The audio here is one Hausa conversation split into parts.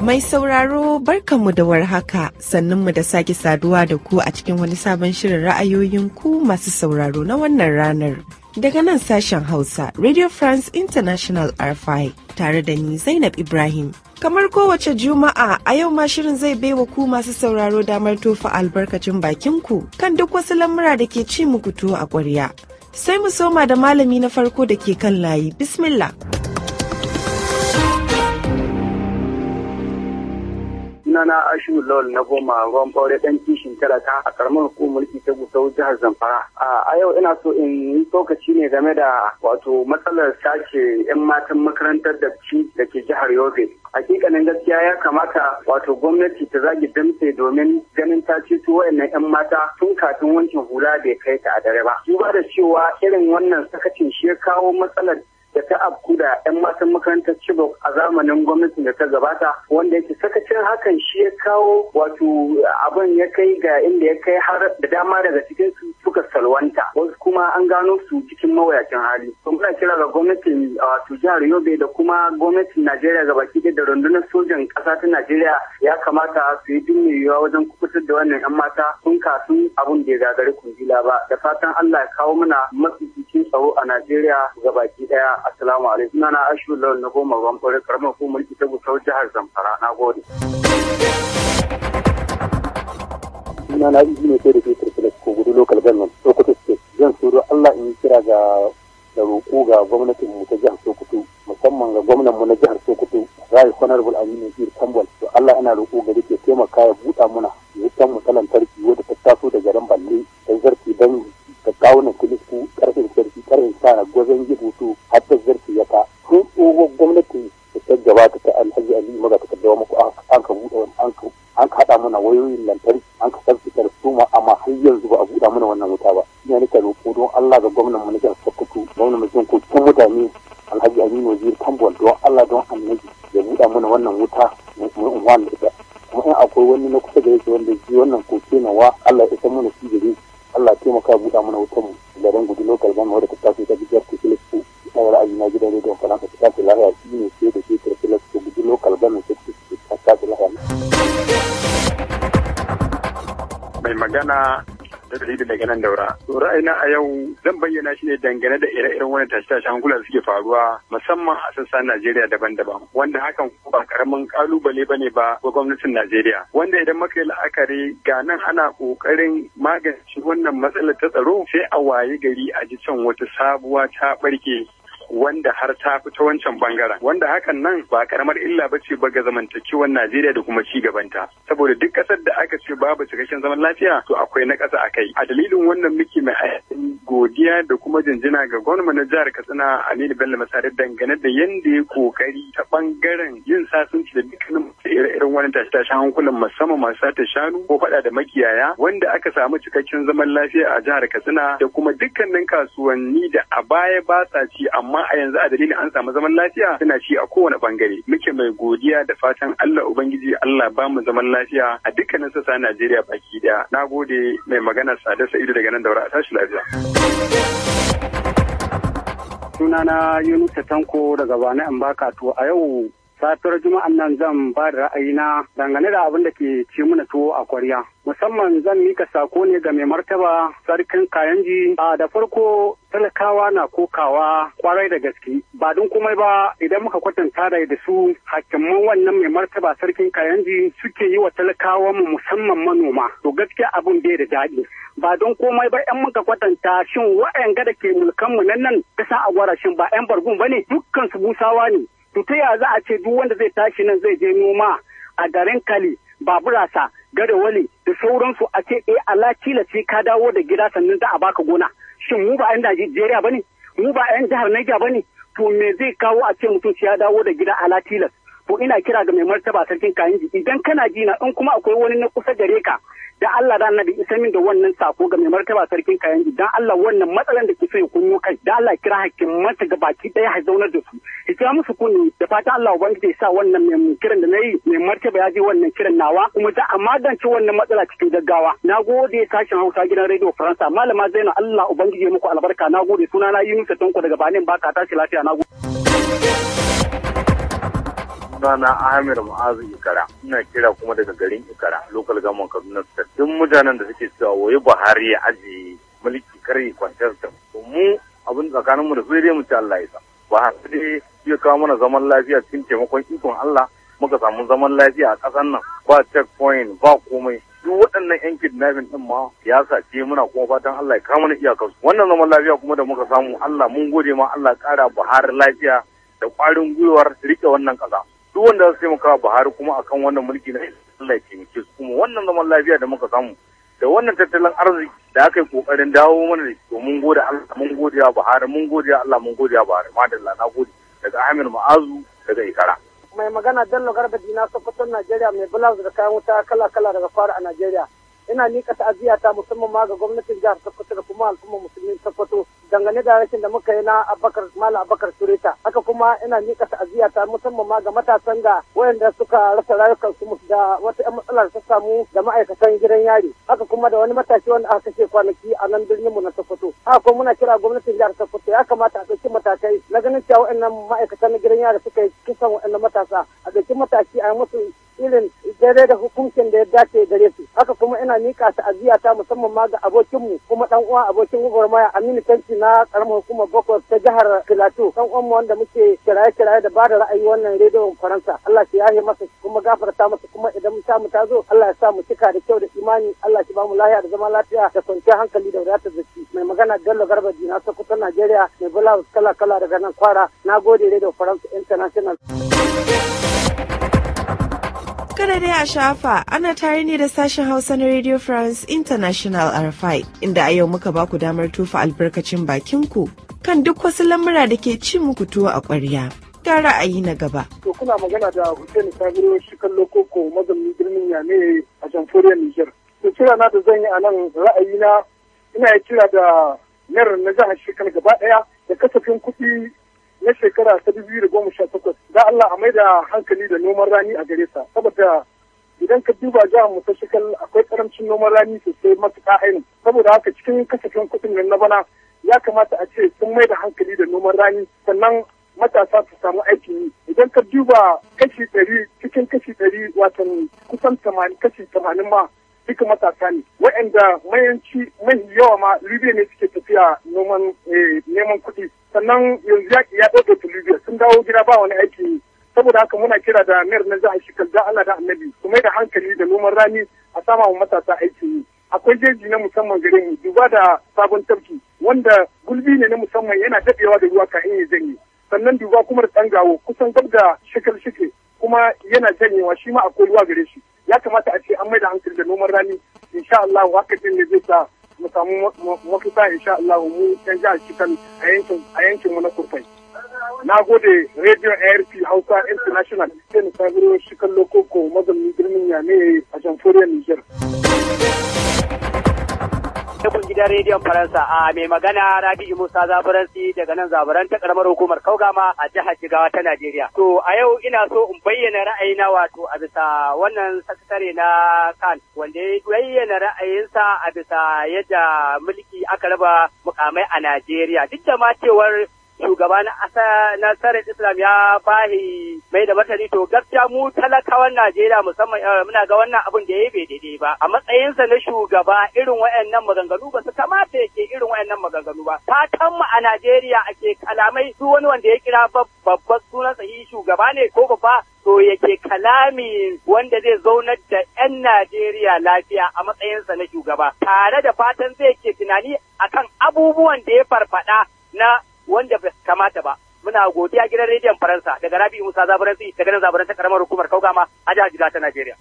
Mai sauraro barkanmu da warhaka sannunmu da sake saduwa da ku a cikin wani sabon shirin ra'ayoyin ku masu sauraro na wannan ranar. Daga nan sashen Hausa, Radio France International RFI tare da ni Zainab Ibrahim. Kamar kowace Juma'a a yau ma shirin zai baiwa ku masu sauraro damar tofa albarkacin bakin ku kan duk wasu lamura da ke ci muku tuwo a ƙwarya. Sai mu soma da malami na farko da ke kan layi. Bismillah. sunana ashu lol na goma ruwan ɓaure ɗan kishin talaka a karamar hukumar mulki ta gusau jihar zamfara a yau ina so in yi tsokaci ne game da wato matsalar sace 'yan matan makarantar da da ke jihar yobe hakikanin gaskiya ya kamata wato gwamnati ta zagi damse domin ganin ta su wayannan 'yan mata tun kafin wancan hula bai kai ta a dare ba duba da cewa irin wannan sakacin shi ya kawo matsalar da ta afku da 'yan matan makarantar Chibok a zamanin gwamnatin da ta gabata wanda yake sakacin hakan shi ya kawo wato abin ya kai ga inda ya kai har da dama daga cikin su suka salwanta wasu kuma an gano su cikin mawuyacin hali. Kun muna kira ga gwamnatin wato jihar Yobe da kuma gwamnatin Najeriya ga baki da rundunar sojan ƙasa ta Najeriya ya kamata su yi duk yiwuwa wajen kubutar da wannan 'yan mata sun kasu abin da ya gagari kundila ba da fatan Allah ya kawo mana mafi tsaro a Najeriya gabaki baki daya. Assalamu alaikum. Ina na Ashu Lawan na goma ruwan kwarai karamar hukumar ita Gusau jihar Zamfara. Na gode. Ina na Ibi ne sai da ke Turkilas ko gudu local government Sokoto state. Zan tsoro Allah in yi kira ga da roƙo ga gwamnatin mu ta jihar Sokoto musamman ga gwamnan mu na jihar Sokoto Rai Honorable Aminu Jir Tambal. To Allah ina roƙo gari ke taimaka ya buɗa muna wutan mu ta lantarki wadda ta taso da garin Balle ta zarta na kusa da yake wanda shi wannan koke nawa Allah ya san mana shi da Allah ya taimaka buɗa mana wutan mu gaban gudu local ban wadda ta tafi ta bijiyar ku filisku na ra'ayi na gidan rediyon faransa ta tafi lahiya shi ne sai da shekar filisku gudu local ban ta tafi lahiya. mai magana da dalilin daga nan daura. To ra'ayina a yau zan bayyana shi ne dangane da ire-iren wani tashe-tashe hankula da suke faruwa musamman a sassan Najeriya daban-daban wanda hakan ba karamin kalubale ne ba ga gwamnatin Najeriya wanda idan muka yi la'akari ga nan ana kokarin magance wannan matsalar ta tsaro sai a waye gari a ji can wata sabuwa ta barke wanda har ta fi ta wancan bangaren wanda hakan nan ba karamar illa ba ce ba ga zamantakewar Najeriya da kuma cigabanta. saboda duk kasar da aka ce babu cikakken zaman lafiya to akwai na ƙasa akai a dalilin wannan muke mai godiya da kuma jinjina ga gwamnati na jihar Katsina Aminu Bello Masarar dangane da yanda ya kokari ta bangaren yin sasunci da dukkanin da ire-iren wani tashe tashi hankulan musamman masu sata shanu ko faɗa da makiyaya wanda aka samu cikakken zaman lafiya a jihar Katsina da kuma dukkanin kasuwanni da a baya ba sa ci amma a yanzu a dalilin an samu zaman lafiya suna ci a kowane bangare. Muke mai godiya da fatan Allah Ubangiji Allah ba mu zaman lafiya a dukkanin sassa Najeriya baki daya. Na gode mai magana Sada Sa'idu daga nan daura a tashi lafiya. sunana Yunusa Tanko daga Bani to a yau safiyar juma'an nan zan ba da ra'ayi na. dangane da abin da ke ci mana tuwo a kwarya musamman zan mika sako ne ga mai martaba sarkin kayanji a da farko talakawa na kokawa kwarai da gaske ba don komai ba idan muka kwatanta da da su hakiman wannan mai martaba sarkin kayanji suke yi wa talakawa musamman manoma to gaske abin bai da daɗi ba don komai ba yan muka kwatanta shin wa'yan da ke mulkan mu nan nan kasa a a shin ba yan bargun ba ne dukkan su busawa ne to ta ya za a ce duk wanda zai tashi nan zai je noma a garin kali baburasa wale da sauransu a ce eh Allah kila sai ka dawo da gida sannan za a baka gona shin mu ba 'yan Najeriya bane mu ba 'yan jihar Niger bane to me zai kawo a ce mutum ya dawo da gida ala tilas ko ina kira ga mai martaba sarkin kayanji idan kana jina in kuma akwai wani na kusa gare ka da Allah da annabi isa min da wannan sako ga mai martaba sarkin kayanji dan Allah wannan matsalan da ke so ya kunyo kai da Allah kira hakkin mata ga baki daya ha zaunar da su ita musu kunni da fata Allah ubangiji ya sa wannan mai kiran da nayi mai martaba ya je wannan kiran nawa kuma da a magance wannan matsala cikin gaggawa nagode sashen Hausa gidan Radio Faransa malama Zainab Allah ubangiji ya muku albarka nagode sunana Yunusa Tanko daga Banin Baka tashi lafiya nagode sunana Ahmed mu'az Ikara ina kira kuma daga garin Ikara local government Kaduna State duk mutanen da suke cewa waye Buhari ya ajiye mulki kare kwantar ta mu abin tsakanin mu da sai dai mu ci Allah ya sa Buhari dai ya kawo mana zaman lafiya cikin taimakon ikon Allah muka samu zaman lafiya a ƙasar nan ba checkpoint ba komai duk waɗannan yan kidnapping din ma ya sace muna kuma fatan Allah ya kawo mana iyakarsu wannan zaman lafiya kuma da muka samu Allah mun gode ma Allah ƙara Buhari lafiya da ƙwarin gwiwar rike wannan kasa. duk wanda za su taimaka Buhari kuma akan wannan mulki na Allah ya taimake su kuma wannan zaman lafiya da muka samu da wannan tattalin arziki da aka yi kokarin dawo mana da to mun gode Allah mun gode ya Buhari mun gode Allah mun gode ya Buhari madalla na gode daga Ahmed Ma'azu daga Ikara mai magana Dallo Garba Dina Sokoton Najeriya mai blouse da kayan wuta kala kala daga fara a Najeriya ina mika ta'aziyya ta musamman ma ga gwamnatin jihar Sokoto da kuma musulmi musulmin Sokoto dangane da rashin da muka yi na Abubakar Mala Abubakar Tureta haka kuma ina mika ta'aziyya ta musamman ma ga matasan da wayanda suka rasa su da wata ƴan matsalar ta samu da ma'aikatan gidan yari haka kuma da wani matashi wanda aka kashe kwanaki a nan birnin mu na Sokoto haka kuma muna kira gwamnatin jihar Sokoto ya kamata a ɗauki matakai na ganin cewa wayannan ma'aikatan gidan yari suka yi kisan wayannan matasa a ɗauki mataki a yi musu irin daidai da hukuncin da ya dace gare su haka kuma ina mika ta'aziyya ta musamman ma ga abokinmu kuma dan uwa abokin gwagwarmaya Aminu tanci na karamar hukumar Bokos ta jihar Filato dan uwanmu wanda muke kiraye-kiraye da bada ra'ayi wannan rediyon Faransa Allah shi yahe masa kuma gafarta masa kuma idan mu mu ta zo Allah ya sa mu cika da kyau da imani Allah shi ba mu da zama lafiya da kwanciyar hankali da wadatar zaki mai magana Bello Garba Dina Sokoto Najeriya mai bula kala-kala daga nan kwara na gode rediyon Faransa International. Kada dai a shafa ana tare ne da sashen Hausa na Radio France International RFI inda a yau muka baku damar tufa albarkacin bakin ku. kan duk wasu lamura da ke ci muku tuwo a kwarya Ga ra'ayi na gaba. To kuna magana da Hussein Sabiru shi kallo koko mazaunin birnin Yame a Jamhuriyar Nijar. To kira na da zan yi a nan ra'ayi na ina kira da mayar na jihar shekar gaba daya da kasafin kuɗi na shekara ta dubu da goma sha takwas da Allah a mai da hankali da noman rani a gare ta saboda idan ka duba jihar mu shekal akwai karamcin noman rani sosai matuƙa ainihin saboda haka cikin kasafin kuɗin nan na bana ya kamata a ce sun mai da hankali da noman rani sannan matasa su samu aikin yi idan ka duba kashi ɗari cikin kashi ɗari watan kusan tamanin kashi tamanin ma duka matasa ne waɗanda mayanci mai yawa ma libya ne suke tafiya noman eh, neman kuɗi sannan yanzu yaƙi ya ɗauke ta libya sun dawo gida ba wani aiki saboda haka muna kira da mayar na jihar shikal kalda Allah da annabi su mai da hankali da noman rani a sama wa matasa aiki yi akwai jeji na musamman gare mu duba da sabon tafki wanda gulbi ne na musamman yana daɗewa da ruwa kafin ya janye sannan duba kuma da tsangawo kusan gab da shikal shike kuma yana janyewa shi ma akwai ruwa gare shi ya kamata a ce an maida hankali da noman rani insha Allah haka din ne zai sa mu samu mafita insha Allah mu yan jihar a yankin a yankin mu na Kurfai na gode radio ARP Hausa International sai na sabiro shi kan lokoko mazaunin birnin Yame a jamhuriyar Niger Dukun gidan rediyon Faransa a mai magana Rabi'u Musa zafaransi daga nan Zaburan ta karamar hukumar Kaugama a jihar Jigawa ta Najeriya. To a yau ina so in bayyana ra'ayina wato a bisa wannan sakatare na kan wanda ya bayyana ra'ayinsa a bisa yadda mulki aka raba mukamai a Najeriya duk da ma cewar shugaba na asa na tsarin islam ya bahi mai da martani to gaskiya mu talakawan najeriya musamman eh, muna ga wannan abin da ya bai daidai ba a matsayinsa na shugaba irin nan maganganu ba su kamata yake irin nan maganganu ba fatan mu a najeriya ake kalamai su wani wanda ya kira babban sunan sahihi shugaba ne ko babba to yake kalami wanda zai zaunar da 'yan Najeriya lafiya a matsayinsa na shugaba tare da fatan zai ke tunani akan abubuwan da ya farfada na wanda bai kamata ba muna godiya gidan rediyon faransa daga rabi musa zafiransu daga nan zaburansa karamar hukumar kaugama a jihar jigawa ta najeriya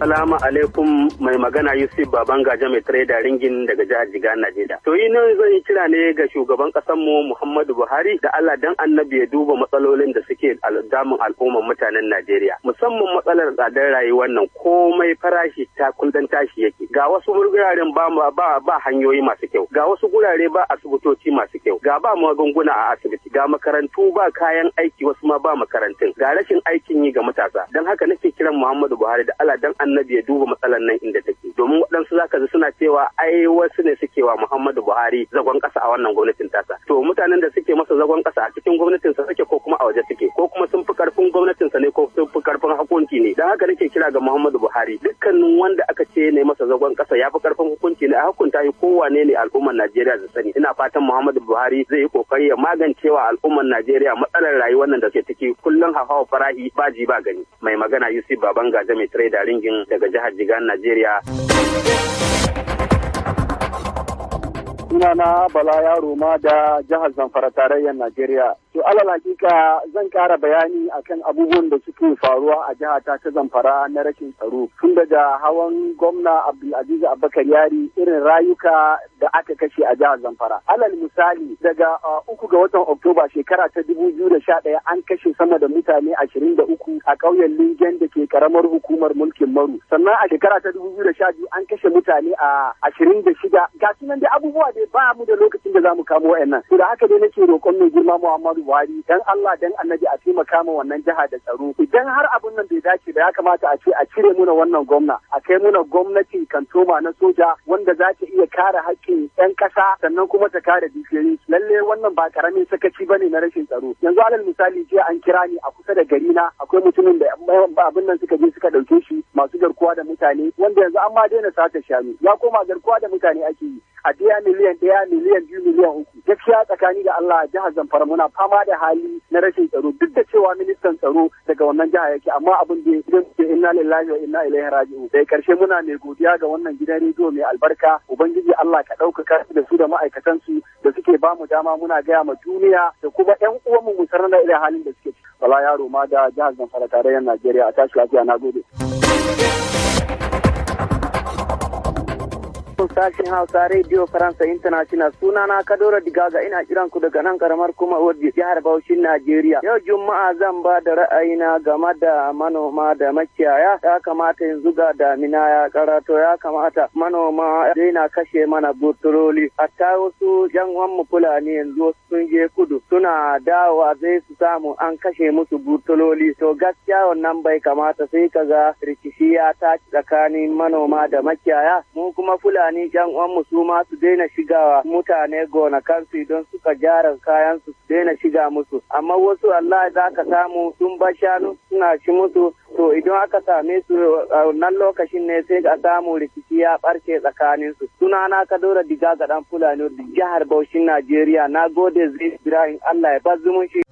Salamu alaikum mai magana Yusuf Baban Gaja mai da ringin daga jihar Jiga Najeriya. To yi nan zan yi kira ne ga shugaban ƙasar mu Muhammadu Buhari da Allah dan annabi ya duba matsalolin da suke damun al'ummar mutanen Najeriya. Musamman matsalar tsadar rayuwar nan komai farashi ta kullum tashi yake. Ga wasu guraren ba ba ba hanyoyi masu kyau. Ga wasu gurare ba asibitoci masu kyau. Ga ba magunguna a asibiti. Ga makarantu ba kayan aiki wasu ma ba makarantun. Ga rashin aikin yi ga matasa. Dan haka nake kiran Muhammadu Buhari da Allah dan annabi ya duba matsalar nan inda take domin waɗansu za ka suna cewa ai wasu ne suke wa Muhammadu Buhari zagon ƙasa a wannan gwamnatin tasa to mutanen da suke masa zagon ƙasa a cikin gwamnatin sa suke ko kuma a waje suke ko kuma sun fi karfin gwamnatin sa ne ko sun fi karfin hukunci ne dan haka nake kira ga Muhammadu Buhari dukkanin wanda aka ce ne masa zagon ƙasa ya fi karfin hukunci ne a hukunta shi kowane ne al'ummar Najeriya su sani ina fatan Muhammadu Buhari zai yi kokari ya magance wa al'ummar Najeriya matsalar rayuwar nan da ke ciki kullum hawa farahi ba ba gani mai magana Yusuf Babanga mai da Ringin daga jihar Jigan, Najeriya. Sunana Bala Yaro da jihar Zamfara tarayyar Najeriya. To alal hakika zan kara bayani akan abubuwan da suke faruwa a jiha ta ta zamfara na rashin tsaro. Tun daga hawan gwamna Abdulaziz Abubakar Yari irin rayuka da aka kashe a jihar Zamfara. Alal misali daga uh, uku ga watan Oktoba shekara ta dubu biyu da sha ɗaya an kashe sama da mutane ashirin da uku a ƙauyen Lingen da ke karamar hukumar mulkin Maru. Sannan a shekara ta dubu biyu da sha biyu an kashe mutane a ashirin da shida. Ga sunan da abubuwa dai ba mu da lokacin da za mu kamo wa'annan. nan da haka dai nake roƙon mai girma Muhammadu Wari dan Allah dan Annabi a taimaka ma wannan jiha da tsaro idan har abun nan bai dace da ya kamata a ce a cire muna wannan gwamna a kai muna gwamnati kantoma na soja wanda za ta iya kare haƙƙin 'yan ƙasa sannan kuma ta kare dukiyoyi lalle wannan ba karamin sakaci bane na rashin tsaro yanzu alal misali jiya an kira ni a kusa da gari na akwai mutumin da abin nan suka je suka ɗauke shi masu garkuwa da mutane wanda yanzu an ma daina sata shanu ya koma garkuwa da mutane ake yi a daya miliyan daya miliyan biyu miliyan uku gaskiya tsakani da Allah jihar Zamfara muna fama da hali na rashin tsaro duk da cewa ministan tsaro daga wannan jiha yake amma abin da ya ce inna lillahi wa inna ilaihi raji'un da karshe muna mai godiya ga wannan gidan rediyo mai albarka ubangiji Allah ka ɗaukaka da su da ma'aikatan su da suke ba mu dama muna gaya ma duniya da kuma ƴan uwanmu mu sanar da irin halin da suke ciki bala yaro ma da jihar Zamfara tarayyar Najeriya a tashi lafiya na gode. sashen Hausa Radio Faransa International sunana Kadora Digaga ina kiran ku daga nan karamar kuma waje. jihar Bauchi Najeriya. Yau Juma'a zan ba da ra'ayina game da manoma da makiyaya ya kamata yanzu ga damina ya karato ya kamata manoma daina kashe mana A Hatta wasu yan mu Fulani yanzu sun je kudu suna dawa zai su samu an kashe musu butuloli. To gaskiya wannan bai kamata sai kaga rikici ya tashi tsakanin manoma da makiyaya mu kuma Fulani mutane jan uwan su ma su daina shiga mutane su idan suka gyara kayan su daina shiga musu amma wasu Allah za ka samu sun ba shanu suna shi musu to idan aka same su a wannan lokacin ne sai a samu rikici ya barke tsakanin su suna na ka kadora diga ga dan fulani jihar Bauchin Najeriya na gode zai Ibrahim Allah ya bar zumunci.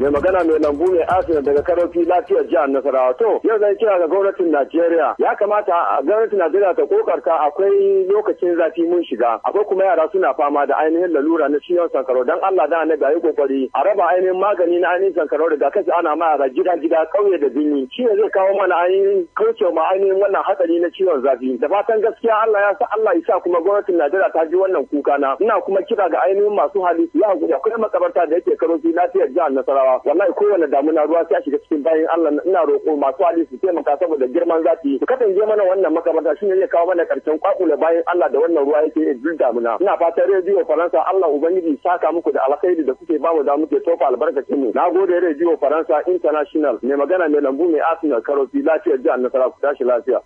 mai magana mai lambu mai asina daga karofi lafiyar jihar nasarawa to yau zan kira ga gwamnatin najeriya ya kamata gwamnatin najeriya ta kokarta akwai lokacin zafi mun shiga akwai kuma yara suna fama da ainihin lalura na ciwon sankarau dan allah da na ayi kokari a raba ainihin magani na ainihin sankarau daga kashi ana ma yara gida gida kauye da birni shi ne zai kawo mana ainihin kauce ma ainihin wannan hatsari na ciwon zafi da fatan gaskiya allah ya sa allah ya sa kuma gwamnatin najeriya ta ji wannan kuka na ina kuma kira ga ainihin masu hali su yi akwai makabarta da yake karofi lafiyar jihar nasarawa wallahi kowane damuna ruwa sai a shiga cikin bayan Allah ina roƙo masu hali su taimaka saboda girman zafi su kasance mana wannan makamata shine zai kawo mana karshen kwakule bayan Allah da wannan ruwa yake duk damuna ina fatan rediyo Faransa Allah ubangiji saka muku da alkhairi da kuke ba mu da muke tofa albarkacin mu nagode rediyo Faransa International mai magana mai lambu mai Arsenal Karofi lafiyar jihar Nasarawa ku tashi lafiya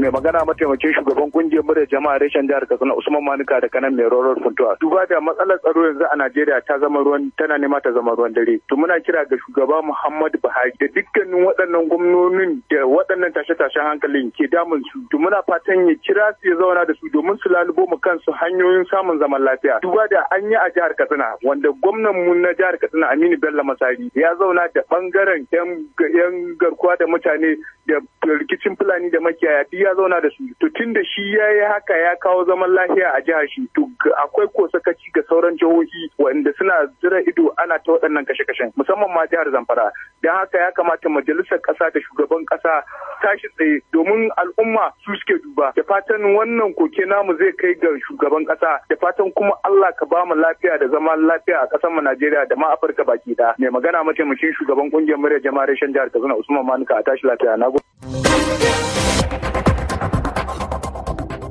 mai magana mataimakin shugaban kungiyar murya jama'a reshen jihar katsina usman manuka da kanan mai rawar funtuwa duba da matsalar tsaro yanzu a najeriya ta zama ruwan tana nema ta zama ruwan dare to muna kira ga shugaba muhammadu buhari da dukkanin waɗannan gwamnonin da waɗannan tashe-tashen hankalin ke damun su to muna fatan ya kira su ya zauna da su domin su lalubo mu kansu hanyoyin samun zaman lafiya duba da an yi a jihar katsina wanda gwamnan mu na jihar katsina aminu bello masari ya zauna da bangaren yan garkuwa da mutane da rikicin fulani da makiyaya ya zauna da su to tun da shi ya yi haka ya kawo zaman lafiya a jihar shi to akwai ko sakaci ga sauran jihohi waɗanda suna zira ido ana ta waɗannan kashe-kashen musamman ma jihar Zamfara don haka ya kamata majalisar ƙasa da shugaban ƙasa tashi tsaye domin al'umma su suke duba da fatan wannan koke namu zai kai ga shugaban ƙasa da fatan kuma Allah ka bamu lafiya da zaman lafiya a ƙasar mu Najeriya da ma Afirka baki ɗaya mai magana mataimakin shugaban ƙungiyar murya jama'ar jihar Kaduna Usman Manuka a tashi lafiya na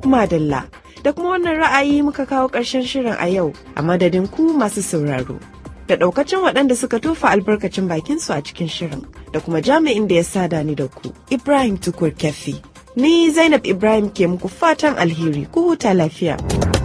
kuma dalla da kuma wannan ra'ayi muka kawo ƙarshen shirin a yau a madadin ku masu sauraro da ɗaukacin waɗanda suka tofa albarkacin bakin su a cikin shirin da kuma jami'in da ya sada ni da ku ibrahim tukur kefi ni zainab ibrahim ke muku fatan alheri ku huta lafiya.